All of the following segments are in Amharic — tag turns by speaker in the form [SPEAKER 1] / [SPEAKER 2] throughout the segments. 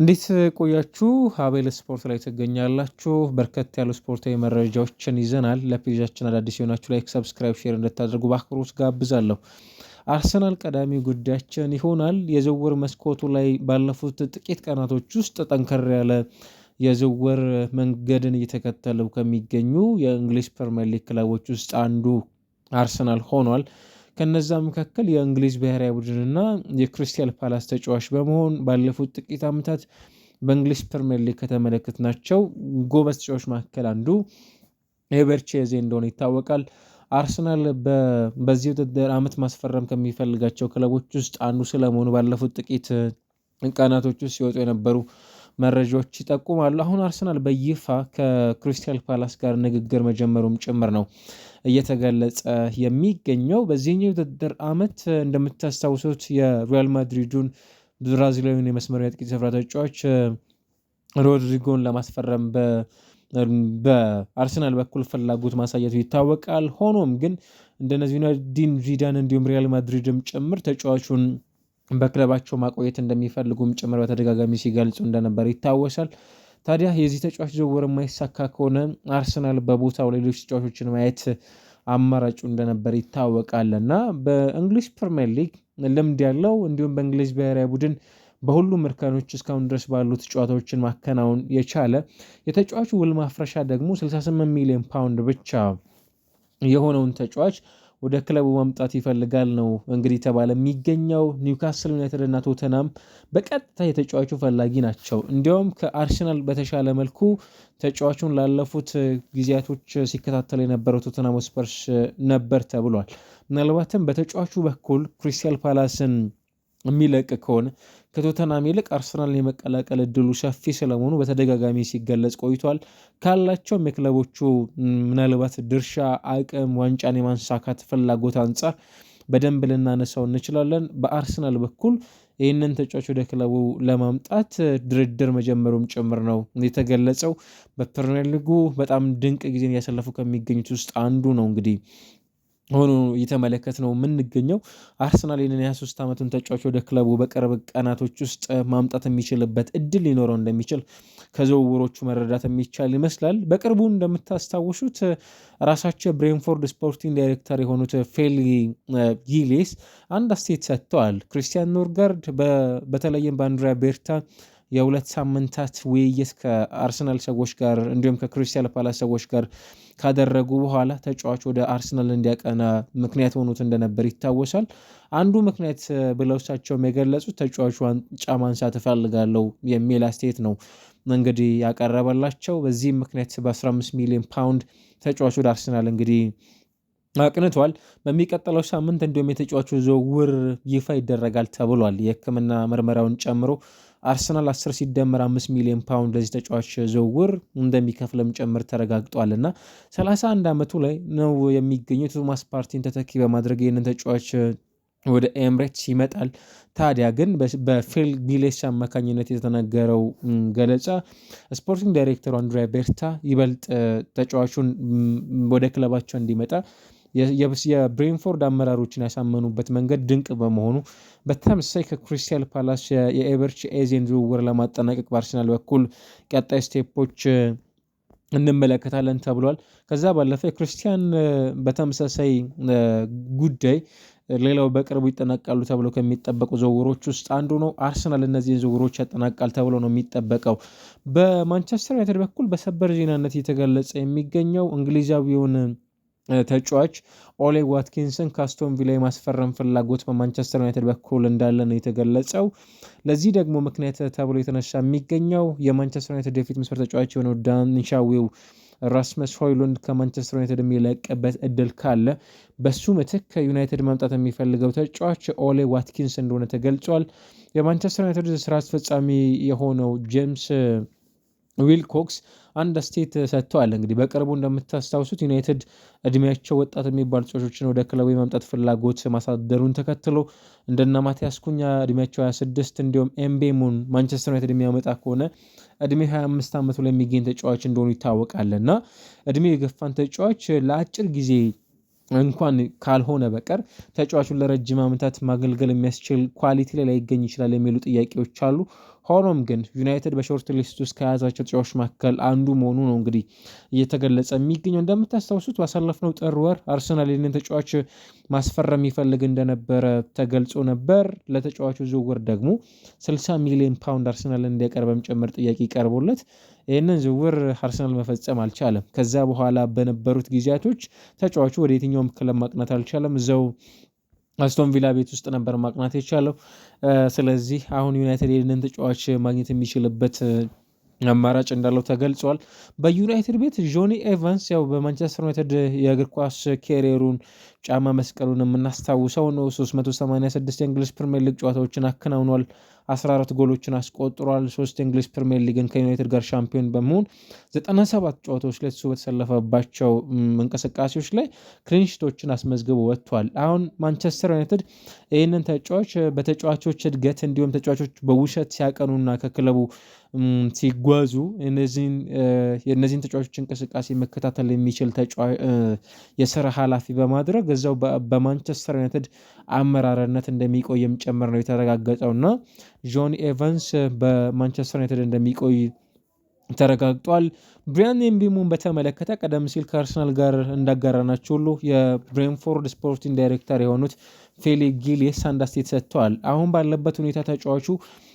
[SPEAKER 1] እንዴት ቆያችሁ? አቤል ስፖርት ላይ ትገኛላችሁ። በርከት ያሉ ስፖርታዊ መረጃዎችን ይዘናል። ለፔጃችን አዳዲስ የሆናችሁ ላይክ፣ ሰብስክራይብ፣ ሼር እንደታደርጉ በአክብሮት ጋብዛለሁ። አርሰናል ቀዳሚ ጉዳያችን ይሆናል። የዝውውር መስኮቱ ላይ ባለፉት ጥቂት ቀናቶች ውስጥ ጠንከር ያለ የዝውውር መንገድን እየተከተሉ ከሚገኙ የእንግሊዝ ፕሪሚየር ሊግ ክለቦች ውስጥ አንዱ አርሰናል ሆኗል። ከነዛ መካከል የእንግሊዝ ብሔራዊ ቡድንና የክሪስታል ፓላስ ተጫዋች በመሆን ባለፉት ጥቂት ዓመታት በእንግሊዝ ፕሪምየር ሊግ ከተመለከትናቸው ጎበዝ ተጫዋች መካከል አንዱ ኤቤሬቺዜ እንደሆነ ይታወቃል። አርሰናል በዚህ ውድድር ዓመት ማስፈረም ከሚፈልጋቸው ክለቦች ውስጥ አንዱ ስለመሆኑ ባለፉት ጥቂት ቀናቶች ውስጥ ሲወጡ የነበሩ መረጃዎች ይጠቁማሉ። አሁን አርሰናል በይፋ ከክሪስታል ፓላስ ጋር ንግግር መጀመሩም ጭምር ነው እየተገለጸ የሚገኘው። በዚህኛው የውድድር ዓመት እንደምታስታውሱት የሪያል ማድሪዱን ብራዚላዊን የመስመር የአጥቂ ስፍራ ተጫዋች ሮድሪጎን ለማስፈረም በአርሰናል በኩል ፍላጎት ማሳየቱ ይታወቃል። ሆኖም ግን እንደነዚህ ዲን ዚዳን እንዲሁም ሪያል ማድሪድም ጭምር ተጫዋቹን በክለባቸው ማቆየት እንደሚፈልጉም ጭምር በተደጋጋሚ ሲገልጹ እንደነበር ይታወሳል። ታዲያ የዚህ ተጫዋች ዝውውር የማይሳካ ከሆነ አርሰናል በቦታው ሌሎች ተጫዋቾችን ማየት አማራጩ እንደነበር ይታወቃል እና በእንግሊዝ ፕሪምየር ሊግ ልምድ ያለው እንዲሁም በእንግሊዝ ብሔራዊ ቡድን በሁሉም እርከኖች እስካሁን ድረስ ባሉት ጨዋታዎችን ማከናወን የቻለ የተጫዋቹ ውል ማፍረሻ ደግሞ 68 ሚሊዮን ፓውንድ ብቻ የሆነውን ተጫዋች ወደ ክለቡ መምጣት ይፈልጋል ነው እንግዲህ ተባለ የሚገኘው። ኒውካስል ዩናይትድ እና ቶተናም በቀጥታ የተጫዋቹ ፈላጊ ናቸው። እንዲያውም ከአርሰናል በተሻለ መልኩ ተጫዋቹን ላለፉት ጊዜያቶች ሲከታተል የነበረው ቶተናም ስፐርስ ነበር ተብሏል። ምናልባትም በተጫዋቹ በኩል ክሪስታል ፓላስን የሚለቅ ከሆነ ከቶተናም ይልቅ አርሰናል የመቀላቀል እድሉ ሰፊ ስለመሆኑ በተደጋጋሚ ሲገለጽ ቆይቷል። ካላቸውም የክለቦቹ ምናልባት ድርሻ፣ አቅም ዋንጫን የማንሳካት ፍላጎት አንጻር በደንብ ልናነሳው እንችላለን። በአርሰናል በኩል ይህንን ተጫዋች ወደ ክለቡ ለማምጣት ድርድር መጀመሩም ጭምር ነው የተገለጸው። በፕሪሚየር ሊጉ በጣም ድንቅ ጊዜን እያሳለፉ ከሚገኙት ውስጥ አንዱ ነው እንግዲህ ሆኖ እየተመለከት ነው የምንገኘው። አርሰናል ይህንን የ23 ዓመቱን ተጫዋች ወደ ክለቡ በቅርብ ቀናቶች ውስጥ ማምጣት የሚችልበት እድል ሊኖረው እንደሚችል ከዝውውሮቹ መረዳት የሚቻል ይመስላል። በቅርቡ እንደምታስታውሱት ራሳቸው ብሬንፎርድ ስፖርቲንግ ዳይሬክተር የሆኑት ፌሊ ጊሌስ አንድ አስተያየት ሰጥተዋል። ክሪስቲያን ኖርጋርድ በተለይም በአንድሪያ ቤርታ የሁለት ሳምንታት ውይይት ከአርሰናል ሰዎች ጋር እንዲሁም ከክሪስታል ፓላስ ሰዎች ጋር ካደረጉ በኋላ ተጫዋች ወደ አርሰናል እንዲያቀና ምክንያት ሆኑት እንደነበር ይታወሳል። አንዱ ምክንያት ብለው እሳቸውም የገለጹት ተጫዋቹ ዋንጫ ማንሳት እፈልጋለሁ የሚል አስተያየት ነው እንግዲህ ያቀረበላቸው። በዚህም ምክንያት በ15 ሚሊዮን ፓውንድ ተጫዋች ወደ አርሰናል እንግዲህ አቅንቷል። በሚቀጥለው ሳምንት እንዲሁም የተጫዋቹ ዝውውር ይፋ ይደረጋል ተብሏል የሕክምና ምርመራውን ጨምሮ አርሰናል 10 ሲደመር 5 ሚሊዮን ፓውንድ ለዚህ ተጫዋች ዝውውር እንደሚከፍልም ጭምር ተረጋግጧልና 31 ዓመቱ ላይ ነው የሚገኘው። የቶማስ ፓርቲን ተተኪ በማድረግ ይህንን ተጫዋች ወደ ኤምሬትስ ይመጣል። ታዲያ ግን በፊል ቢሌስ አማካኝነት የተነገረው ገለጻ ስፖርቲንግ ዳይሬክተሩ አንድሪያ ቤርታ ይበልጥ ተጫዋቹን ወደ ክለባቸው እንዲመጣ የብሬንፎርድ አመራሮችን ያሳመኑበት መንገድ ድንቅ በመሆኑ በተመሳሳይ ከክሪስታል ፓላስ የኤቨርች ኤዜን ዝውውር ለማጠናቀቅ በአርሰናል በኩል ቀጣይ ስቴፖች እንመለከታለን ተብሏል። ከዛ ባለፈ ክርስቲያን በተመሳሳይ ጉዳይ ሌላው በቅርቡ ይጠናቃሉ ተብሎ ከሚጠበቁ ዝውውሮች ውስጥ አንዱ ነው። አርሰናል እነዚህን ዝውውሮች ያጠናቃል ተብሎ ነው የሚጠበቀው። በማንቸስተር ዩናይትድ በኩል በሰበር ዜናነት እየተገለጸ የሚገኘው እንግሊዛዊውን ተጫዋች ኦሌ ዋትኪንስን ካስቶን ቪላ የማስፈረም ፍላጎት በማንቸስተር ዩናይትድ በኩል እንዳለ ነው የተገለጸው። ለዚህ ደግሞ ምክንያት ተብሎ የተነሳ የሚገኘው የማንቸስተር ዩናይትድ የፊት መስመር ተጫዋች የሆነው ዳንሻዊው ራስመስ ሆይሉንድ ከማንቸስተር ዩናይትድ የሚለቅበት እድል ካለ በሱ ምትክ ከዩናይትድ መምጣት የሚፈልገው ተጫዋች ኦሌ ዋትኪንስ እንደሆነ ተገልጿል። የማንቸስተር ዩናይትድ ስራ አስፈጻሚ የሆነው ጄምስ ዊልኮክስ አንድ አስተያየት ሰጥተዋል። እንግዲህ በቅርቡ እንደምታስታውሱት ዩናይትድ እድሜያቸው ወጣት የሚባሉ ተጫዋቾችን ወደ ክለቡ የማምጣት ፍላጎት ማሳደሩን ተከትሎ እንደና ማቲያስ ኩኛ እድሜያቸው 26 እንዲሁም ኤምቤሙን ማንቸስተር ዩናይትድ የሚያመጣ ከሆነ እድሜ 25 ዓመቱ ላይ የሚገኝ ተጫዋች እንደሆኑ ይታወቃል እና እድሜ የገፋን ተጫዋች ለአጭር ጊዜ እንኳን ካልሆነ በቀር ተጫዋቹን ለረጅም ዓመታት ማገልገል የሚያስችል ኳሊቲ ላይ ላይገኝ ይችላል የሚሉ ጥያቄዎች አሉ። ሆኖም ግን ዩናይትድ በሾርት ሊስት ውስጥ ከያዛቸው ተጫዋቾች መካከል አንዱ መሆኑ ነው እንግዲህ እየተገለጸ የሚገኘው። እንደምታስታውሱት ባሳለፍነው ጥር ወር አርሰናል ይህንን ተጫዋች ማስፈረም ይፈልግ እንደነበረ ተገልጾ ነበር። ለተጫዋቹ ዝውውር ደግሞ 60 ሚሊዮን ፓውንድ አርሰናል እንዲያቀርበም ጭምር ጥያቄ ቀርቦለት ይህንን ዝውውር አርሰናል መፈጸም አልቻለም። ከዛ በኋላ በነበሩት ጊዜያቶች ተጫዋቹ ወደ የትኛውም ክለብ ማቅናት አልቻለም። እዛው አስቶን ቪላ ቤት ውስጥ ነበር ማቅናት የቻለው። ስለዚህ አሁን ዩናይትድ ይህንን ተጫዋች ማግኘት የሚችልበት አማራጭ እንዳለው ተገልጿል። በዩናይትድ ቤት ጆኒ ኤቫንስ ያው በማንቸስተር ዩናይትድ የእግር ኳስ ኬሪየሩን ጫማ መስቀሉን የምናስታውሰው ነው። 386 የእንግሊዝ ፕሪምየር ሊግ ጨዋታዎችን አከናውኗል። 14 ጎሎችን አስቆጥሯል። ሶስት እንግሊዝ ፕሪሚየር ሊግን ከዩናይትድ ጋር ሻምፒዮን በመሆን 97 ጨዋታዎች ላይ እሱ በተሰለፈባቸው እንቅስቃሴዎች ላይ ክሊንሽቶችን አስመዝግቦ ወጥቷል። አሁን ማንቸስተር ዩናይትድ ይህንን ተጫዋች በተጫዋቾች እድገት እንዲሁም ተጫዋቾች በውሸት ሲያቀኑና ከክለቡ ሲጓዙ የእነዚህን ተጫዋቾች እንቅስቃሴ መከታተል የሚችል የስራ ኃላፊ በማድረግ እዛው በማንቸስተር ዩናይትድ አመራርነት እንደሚቆይም ጭምር ነው እና ጆን ኤቫንስ በማንቸስተር ዩናይትድ እንደሚቆይ ተረጋግጧል። ብሪያን ኤምቢሙን በተመለከተ ቀደም ሲል ከአርሰናል ጋር እንዳጋራናቸው ሁሉ የብሬንፎርድ ስፖርቲንግ ዳይሬክተር የሆኑት ፌሌ ጊሌስ አንድ ሰጥተዋል። አሁን ባለበት ሁኔታ ተጫዋቹ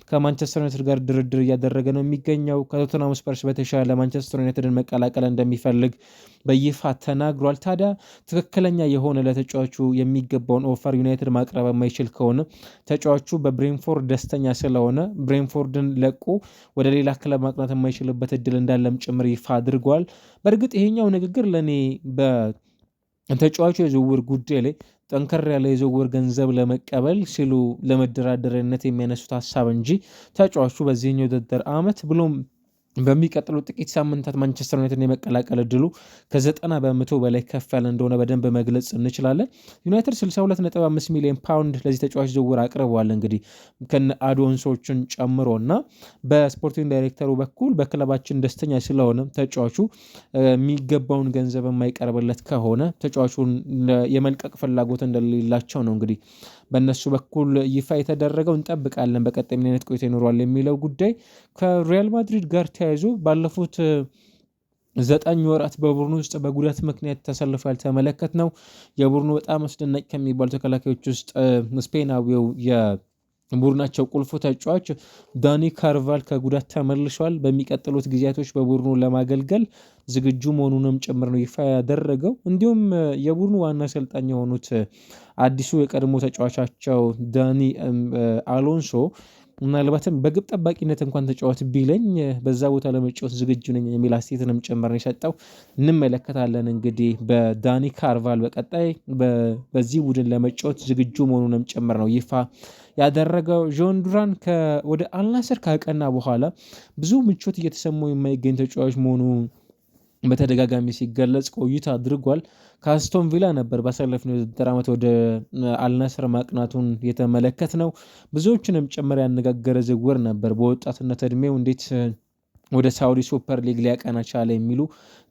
[SPEAKER 1] ከማንቸስተር ዩናይትድ ጋር ድርድር እያደረገ ነው የሚገኘው። ከቶተናም ስፐርስ በተሻለ ማንቸስተር ዩናይትድን መቀላቀል እንደሚፈልግ በይፋ ተናግሯል። ታዲያ ትክክለኛ የሆነ ለተጫዋቹ የሚገባውን ኦፈር ዩናይትድ ማቅረብ የማይችል ከሆነ ተጫዋቹ በብሬንፎርድ ደስተኛ ስለሆነ ብሬንፎርድን ለቆ ወደ ሌላ ክለብ ማቅናት የማይችልበት እድል እንዳለም ጭምር ይፋ አድርጓል። በእርግጥ ይሄኛው ንግግር ለእኔ በተጫዋቹ የዝውውር ጉዳይ ላይ ጠንከር ያለ የዝውውር ገንዘብ ለመቀበል ሲሉ ለመደራደርነት የሚያነሱት ሀሳብ እንጂ ተጫዋቹ በዚህኛው የውድድር ዓመት ብሎም በሚቀጥሉት ጥቂት ሳምንታት ማንቸስተር ዩናይትድን የመቀላቀል እድሉ ከዘጠና በመቶ በላይ ከፍ ያለ እንደሆነ በደንብ መግለጽ እንችላለን። ዩናይትድ 62.5 ሚሊዮን ፓውንድ ለዚህ ተጫዋች ዝውውር አቅርበዋል። እንግዲህ ከነ አዶንሶችን ጨምሮ እና በስፖርቲንግ ዳይሬክተሩ በኩል በክለባችን ደስተኛ ስለሆነ ተጫዋቹ የሚገባውን ገንዘብ የማይቀርብለት ከሆነ ተጫዋቹን የመልቀቅ ፍላጎት እንደሌላቸው ነው እንግዲህ በእነሱ በኩል ይፋ የተደረገው እንጠብቃለን። በቀጣይ ምን አይነት ቆይታ ይኖረዋል የሚለው ጉዳይ ከሪያል ማድሪድ ጋር ተያይዞ ባለፉት ዘጠኝ ወራት በቡድኑ ውስጥ በጉዳት ምክንያት ተሰልፎ ያልተመለከት ነው። የቡድኑ በጣም አስደናቂ ከሚባሉ ተከላካዮች ውስጥ ስፔናዊው ቡድናቸው ቁልፉ ተጫዋች ዳኒ ካርቫል ከጉዳት ተመልሷል። በሚቀጥሉት ጊዜያቶች በቡድኑ ለማገልገል ዝግጁ መሆኑንም ጭምር ነው ይፋ ያደረገው። እንዲሁም የቡድኑ ዋና አሰልጣኝ የሆኑት አዲሱ የቀድሞ ተጫዋቻቸው ዳኒ አሎንሶ ምናልባትም በግብ ጠባቂነት እንኳን ተጫዋት ቢለኝ በዛ ቦታ ለመጫወት ዝግጁ ነኝ የሚል አስተያየትንም ጭምር የሰጠው እንመለከታለን። እንግዲህ በዳኒ ካርቫል በቀጣይ በዚህ ቡድን ለመጫወት ዝግጁ መሆኑንም ጭምር ነው ይፋ ያደረገው። ዦን ዱራን ወደ አልናስር ካቀና በኋላ ብዙ ምቾት እየተሰማው የማይገኝ ተጫዋች መሆኑ በተደጋጋሚ ሲገለጽ ቆይታ አድርጓል። ከአስቶን ቪላ ነበር ባሳለፍነው የውድድር ዓመት ወደ አልናስር ማቅናቱን የተመለከት ነው። ብዙዎችንም ጭምር ያነጋገረ ዝውውር ነበር። በወጣትነት እድሜው እንዴት ወደ ሳውዲ ሱፐር ሊግ ሊያቀና ቻለ የሚሉ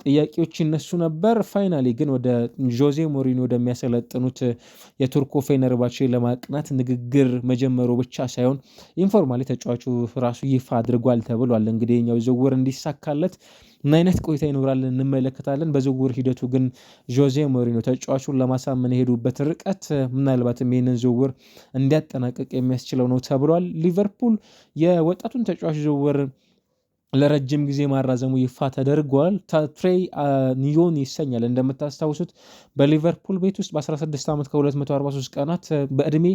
[SPEAKER 1] ጥያቄዎች ይነሱ ነበር። ፋይናሊ ግን ወደ ጆዜ ሞሪኒዮ ወደሚያሰለጥኑት የቱርኮ ፌነርባቼ ለማቅናት ንግግር መጀመሩ ብቻ ሳይሆን ኢንፎርማሊ ተጫዋቹ ራሱ ይፋ አድርጓል ተብሏል። እንግዲህ የኛው ዝውውር እንዲሳካለት ምን አይነት ቆይታ ይኖራል እንመለከታለን። በዝውውር ሂደቱ ግን ጆዜ ሞሪኖ ተጫዋቹን ለማሳመን የሄዱበት ርቀት ምናልባትም ይህንን ዝውውር እንዲያጠናቅቅ የሚያስችለው ነው ተብሏል። ሊቨርፑል የወጣቱን ተጫዋች ዝውውር ለረጅም ጊዜ ማራዘሙ ይፋ ተደርጓል። ትሬይ ኒዮን ይሰኛል። እንደምታስታውሱት በሊቨርፑል ቤት ውስጥ በ16 ዓመት ከ243 ቀናት በእድሜ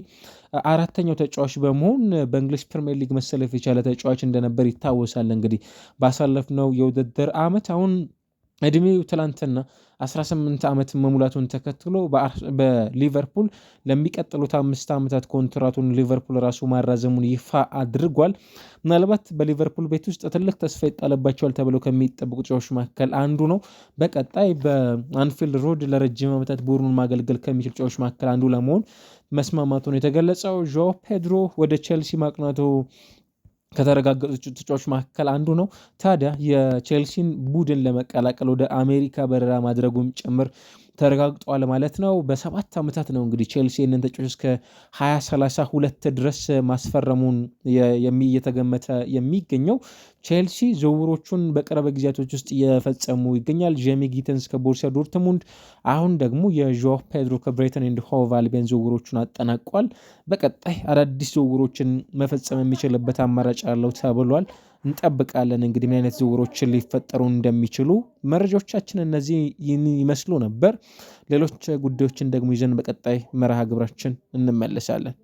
[SPEAKER 1] አራተኛው ተጫዋች በመሆን በእንግሊዝ ፕሪምየር ሊግ መሰለፍ የቻለ ተጫዋች እንደነበር ይታወሳል። እንግዲህ ባሳለፍነው የውድድር ዓመት አሁን እድሜው ትላንትና 18 ዓመት መሙላቱን ተከትሎ በሊቨርፑል ለሚቀጥሉት አምስት ዓመታት ኮንትራቱን ሊቨርፑል ራሱ ማራዘሙን ይፋ አድርጓል። ምናልባት በሊቨርፑል ቤት ውስጥ ትልቅ ተስፋ ይጣለባቸዋል ተብለው ከሚጠብቁ ተጫዋቾች መካከል አንዱ ነው። በቀጣይ በአንፊልድ ሮድ ለረጅም ዓመታት ቡድኑን ማገልገል ከሚችል ተጫዋቾች መካከል አንዱ ለመሆን መስማማቱን የተገለጸው። ዦ ፔድሮ ወደ ቼልሲ ማቅናቱ ከተረጋገጡ ተጫዋቾች መካከል አንዱ ነው። ታዲያ የቼልሲን ቡድን ለመቀላቀል ወደ አሜሪካ በረራ ማድረጉም ጭምር ተረጋግጧል ማለት ነው። በሰባት ዓመታት ነው እንግዲህ ቼልሲ ይህንን ተጫዋች እስከ 2032 ድረስ ማስፈረሙን እየተገመተ የሚገኘው ቼልሲ ዝውውሮቹን በቅርብ ጊዜያቶች ውስጥ እየፈጸሙ ይገኛል። ጄሚ ጊተንስ ከቦርሲያ ዶርትሙንድ፣ አሁን ደግሞ የዦ ፔድሮ ከብሬተን ኤንድ ሆቭ አልቢዮን ዝውውሮቹን አጠናቋል። በቀጣይ አዳዲስ ዝውውሮችን መፈጸም የሚችልበት አማራጭ አለው ተብሏል። እንጠብቃለን። እንግዲህ ምን አይነት ዝውውሮችን ሊፈጠሩ እንደሚችሉ መረጃዎቻችን እነዚህ ይመስሉ ነበር። ሌሎች ጉዳዮችን ደግሞ ይዘን በቀጣይ መርሃ ግብራችን እንመለሳለን።